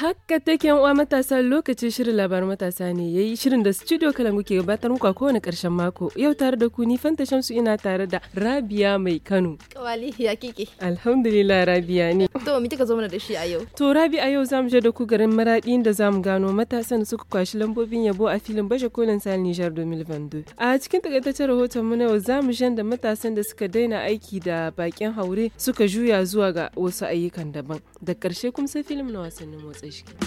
Haka take yan uwa matasa lokacin shirin labarin matasa ne ya yi shirin da studio kalangu ke gabatar muku a kowane karshen mako. Yau tare da ku ni Fanta Shamsu ina tare da Rabia mai Kano. Kawali ya kike. Alhamdulillah Rabia ne. To mu kika zo mana da shi a yau. To Rabi a yau zamu je da ku garin Maradi da zamu gano matasan suka kwashi lambobin yabo a filin Bashe Kolin Sal Niger 2022. A cikin takaitaccen rahoton mu na yau zamu shan da matasan da suka daina aiki da bakin haure suka juya zuwa ga wasu ayyukan daban. Da karshe kuma sai filin na wasannin motsi. ilişkiler.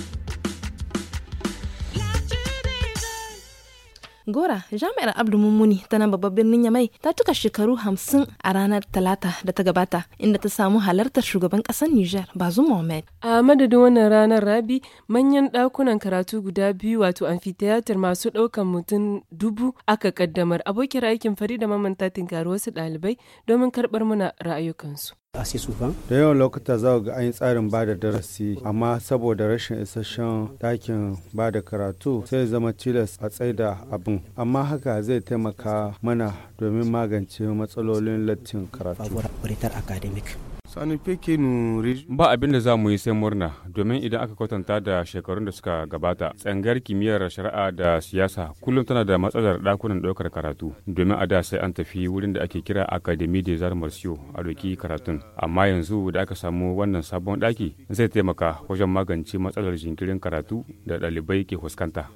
Gora jami'ar Abdu Mummuni ta nan babban birnin Yamai ta cika shekaru hamsin a ranar Talata da ta gabata inda ta samu halartar shugaban ƙasar Nijar Bazu Mohamed. A madadin wannan ranar Rabi manyan ɗakunan karatu guda biyu wato amphitheater masu ɗaukan mutum dubu aka kaddamar abokin aikin fari da ta tinkari wasu ɗalibai domin karɓar mana ra'ayukansu. assez Da yawan lokuta za ga an yi tsarin ba da darasi, amma saboda rashin isasshen ɗakin ba da karatu sai zama tilas a tsaida abin. Amma haka zai taimaka mana domin magance matsalolin lattin karatu. Ba abin da za mu yi sai murna domin idan aka kwatanta da shekarun da suka gabata tsangar kimiyyar shari'a da siyasa kullum tana da matsalar ɗakunan ɗaukar karatu domin a da sai an tafi wurin da ake kira Academy de Zarmarsiyo a doki karatun amma yanzu da aka samu wannan sabon daki zai taimaka wajen magance matsalar jinkirin karatu da ɗalibai ke fuskanta.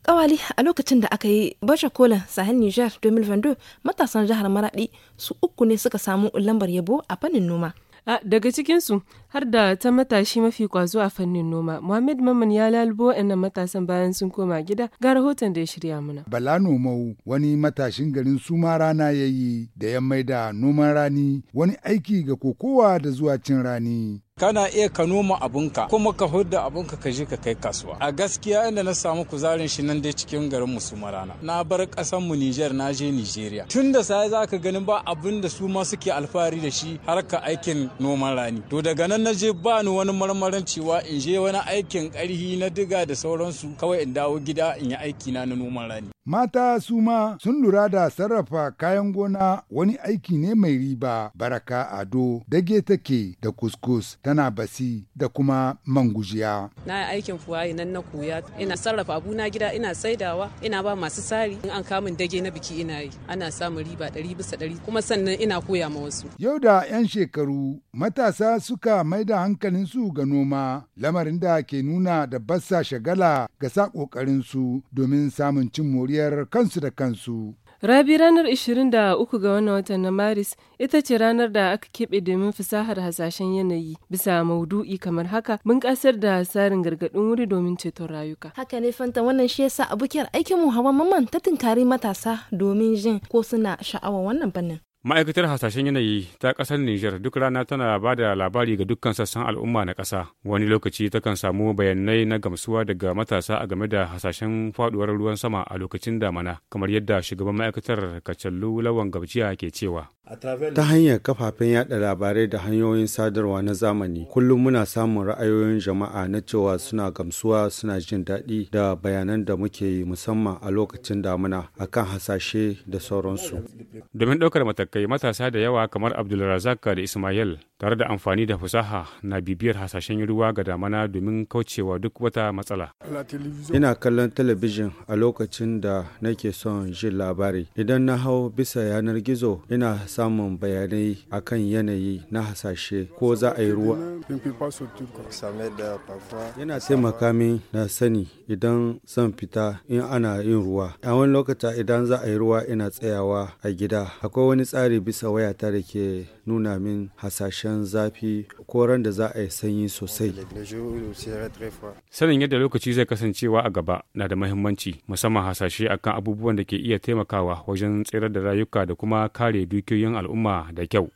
Kawali a lokacin da aka yi baje kolin Sahel Niger 2022 matasan jihar Maradi su uku ne suka samu lambar yabo a fannin noma. daga cikinsu har da ta matashi mafi kwazo a fannin noma. muhammed mamman ya lalubo waɗannan matasan bayan sun koma gida ga rahoton da ya shirya muna. Bala Nomau wani matashin garin Suma rana ya yi da ya maida noman rani wani aiki ga kokowa da zuwa cin rani. kana iya ka noma abunka kuma ka hudda abunka ka je ka kai kasuwa a gaskiya inda na samu kuzarin shi nan dai cikin garin mu rana na bar kasan mu Niger na je Nigeria tun da sai zaka ganin ba abin da su ma suke alfahari da shi harka aikin noman rani to daga nan nan na je ba ni wani marmarin cewa in je wani aikin ƙarhi na diga da sauransu kawai in dawo gida in yi aiki na na noman rani Mata su ma sun lura da sarrafa kayan gona wani aiki ne mai riba baraka ado dage take da kuskus tana basi da kuma mangujiya. Na aikin fuwayi nan na koya ina sarrafa abu na gida ina saidawa ina ba masu sari in an kamun dage na biki ina yi ana samun riba ɗari bisa ɗari kuma sannan ina koya ma wasu. Yau da 'yan shekaru matasa suka maida hankalin su ga noma lamarin da ke nuna da bassa shagala ga sa ƙoƙarin su domin samun cin moriya kariyar kansu da kansu. Rabi ranar 23 ga wannan watan na Maris ita ce ranar da aka keɓe domin fasahar hasashen yanayi bisa maudu'i kamar haka bunƙasar da tsarin gargaɗin wuri domin ceton rayuka. Haka ne fanta wannan shi yasa abokiyar aikin mu Hawa Maman ta tunkari matasa domin jin ko suna sha'awar wannan fannin. ma'aikatar hasashen yanayi ta ƙasar niger duk rana tana ba da labari ga dukkan sassan al'umma na ƙasa wani lokaci takan samu bayanai na gamsuwa daga matasa a game da hasashen faduwar ruwan sama a lokacin damana kamar yadda shugaban ma'aikatar kacallu lawan gabciya ke cewa ta hanyar kafafen yada labarai da hanyoyin sadarwa na zamani kullum muna samun ra'ayoyin jama'a na cewa suna gamsuwa suna jin daɗi da bayanan da muke yi musamman a lokacin damana akan hasashe da sauransu domin ɗaukar kai matasa da yawa kamar Abdulrazak da Ismail tare da amfani da fasaha na bibiyar hasashen ruwa ga damana domin kaucewa duk wata matsala. Ina kallon talabijin a lokacin da nake son jin labari. Idan na hau bisa yanar gizo ina samun bayanai akan yanayi na hasashe ko za a yi ruwa. Yana taimaka min na sani idan son fita in ana yin ruwa. A wani lokaci idan za a yi ruwa ina tsayawa a gida. Akwai wani tsari tsari bisa wayata da ke nuna min hasashen zafi ko ran da za a yi sanyi sosai. Sanin yadda lokaci zai kasancewa a gaba na da mahimmanci musamman hasashe akan abubuwan da ke iya taimakawa wajen tsirar da rayuka da kuma kare dukiyoyin al'umma da kyau.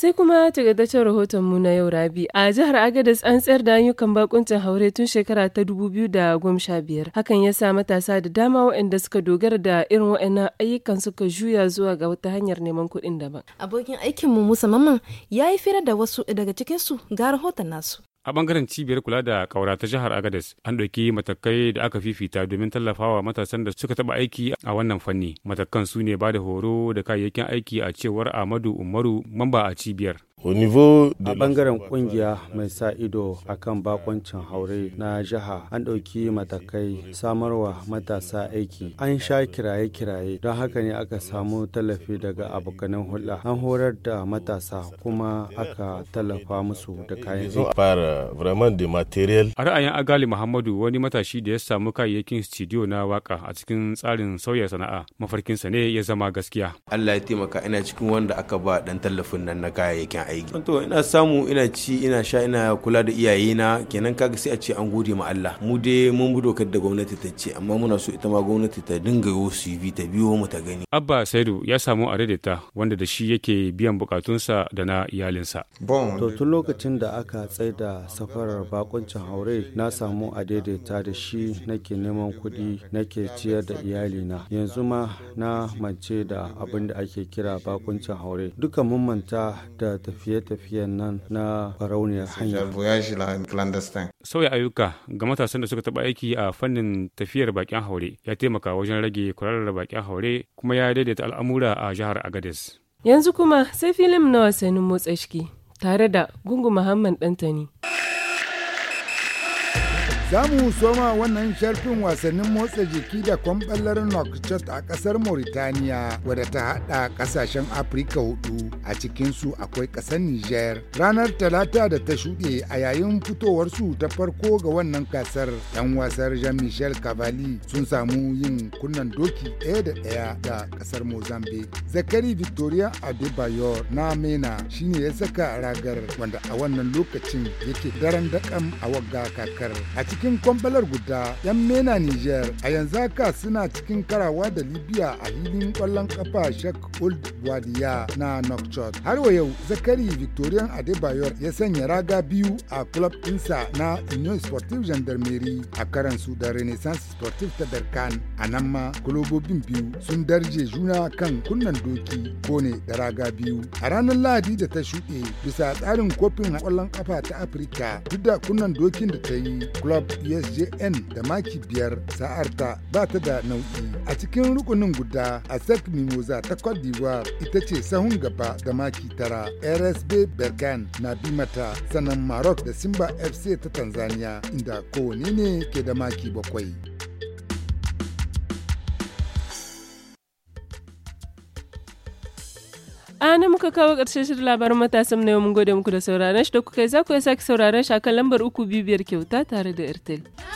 Sai kuma tagaddacin rahoton mu na yau rabi a jihar Agadez an tsayar da ayyukan bakuncin haure tun shekara ta dubu biyu da biyar Hakan ya sa matasa da dama waɗanda suka dogara da irin waɗannan ayyukan suka juya zuwa ga wata hanyar neman kuɗin daban. Abokin aikin mu Musa Mamman ya yi fira da wasu daga cikin su ga rahoton nasu. A bangaren cibiyar kula da kaura ta jihar Agadez an ɗauki matakai da aka fifita domin tallafawa matasan da suka taɓa aiki a wannan fanni. Matakan su ne ba da horo da kayayyakin aiki a cewar amadu Umaru mamba a cibiyar. A bangaren ƙungiya mai sa ido a kan bakoncin haure na jiha an ɗauki matakai samarwa matasa aiki. An sha kiraye-kiraye don haka ne aka samu tallafi daga abokanan hulɗa. An horar da matasa kuma aka tallafa musu da kayan aiki. Euh, a ra'ayin Agali Muhammadu wani matashi da ya samu kayayyakin studio na waka a cikin tsarin sauya sana'a mafarkinsa ne ya zama gaskiya. Allah ya taimaka ina cikin wanda aka ba dan tallafin nan na kayayyakin aiki to ina samu ina ci ina sha ina kula da iyayena kenan kaga sai a ce an gode ma Allah mu dai mun bi dokar da gwamnati ta ce amma muna so ita ma gwamnati ta dinga yo bi ta biyo mu ta gani Abba Saidu ya samu ta wanda da shi yake biyan bukatunsa da na iyalinsa to tun lokacin da aka tsaida safarar bakuncin haure na samu adaidaita da shi nake neman kuɗi nake ciyar da iyalina yanzu ma na mance da abin da ake kira bakuncin haure duka mun manta da tafiya tafiye-tafiyen nan na farauniyar hanyar barauniyar hanya. Sauya ayyuka ga matasan da suka taɓa aiki a fannin tafiyar bakin haure ya taimaka wajen rage kwararar bakin haure kuma ya daidaita al'amura a jihar Agadez. Yanzu kuma sai filim na wasannin motsa shiki tare da Gungu Muhammad Dantani. Za mu soma wannan sharfin wasannin motsa jiki da kwamɓallar Nouakchott a ƙasar Mauritania wadda ta haɗa ƙasashen Afirka hudu a cikinsu akwai ƙasar Niger. Ranar Talata da ta shuɗe a yayin fitowarsu ta farko ga wannan kasar 'yan wasar Jean-Michel Cavalli sun samu yin kunnan doki ɗaya da ɗaya da ƙasar Mozambique. Zakari Victoria Adebayor na Mena shine ya saka ragar wanda a wannan lokacin yake daren daƙam a wagga kakar. A cikin cikin kwambalar guda 'yan mena niger a yanzu haka suna cikin karawa da libya a hilin kwallon kafa shek old wadiya na nocturne har wa yau zakari victorian adebayor ya sanya raga biyu a club insa na union sportive gendarmerie a karan su da renaissance sportive ta darkan a nan ma kulobobin biyu sun darje juna kan kunnan doki ko ne da raga biyu a ranar lahadi da ta shuɗe bisa tsarin kofin kwallon kafa ta afirka duk da kunnan dokin da ta yi club psjn da maki biyar ta ba ta da nau'i a cikin rukunin guda a mimosa ta cote d'ivoire ita ce sahun gaba da maki tara rsb berkan na bi mata sannan maroc da simba fc ta tanzania inda kowane ne ke da maki bakwai a nan muka kawo ƙarshen shirin labarin matasan na yau mun gode muku da sauraron shi da kuka yi za ku sake sauraron shi akan lambar uku bibiyar kyauta tare da airtel